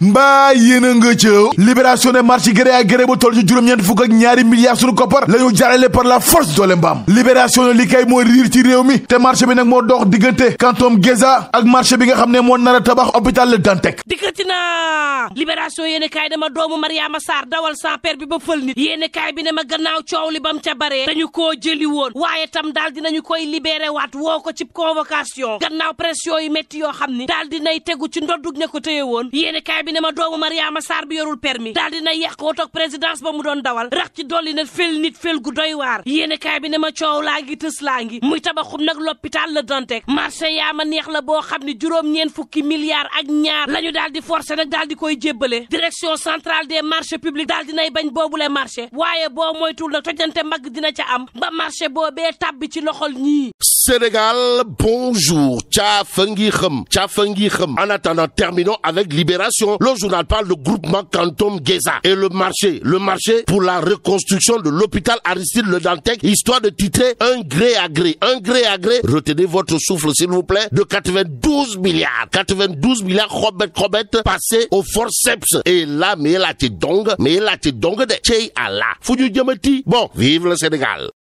mbaa yéen a nga cëw libération ne marché gré à gré ba toll ci juróom-ñeent fukk ak ñaari milliards suñu koppar la ñu jaarale par la force doole mbaam libération ne li kay moo riir ci réew mi te marché bi nag moo dox diggante kantoom Géza ak marché bi nga xam ne moo nar a tabax hôpital Le Dantec dikkati libération yéeni kaay dama doomu Mariama Sarr dawal sans bi ba fël nit yéeni bi ne ma gannaaw coow li bam ca baree dañu koo jëli woon waaye tam daal dinañu koy libéré waat woo ko ci convocation gannaaw pression yi yoo xam ni daal dinay tegu bi ne ma doomu Mariama Sarr bi yorul permis daal dina yàq wotoog présidence ba mu doon dawal rax ci dolli na fel nit fel gu doy waar yéene kaay bi ne laa ngi laa ngi muy tabaxum nag l'hôpital la Dantec marché yaa ma neex la boo xam ne juróom-ñeen fukki milliards ak ñaar la ñu daal di forcé nag daal di koy jébbale direction centrale des marchés publics daal dinay bañ boobu le marché waaye boo moytul na tojante mag dina ca am ba marché boobee tàbbi ci loxol ñii Sénégal, bonjour. ciao tcha fengi En attendant, terminons avec Libération. Le journal parle de groupement Quantum Geza et le marché. Le marché pour la reconstruction de l'hôpital Aristide Le Dantec, histoire de titrer un gré à gré. Un gré à gré, retenez votre souffle s'il vous plaît, de 92 milliards. 92 milliards, Robert Robert, passé au forceps. Et là, mais là, t'es donc, mais là, t'es donc de Tchei Allah. du diamanti, Bon, vive le Sénégal.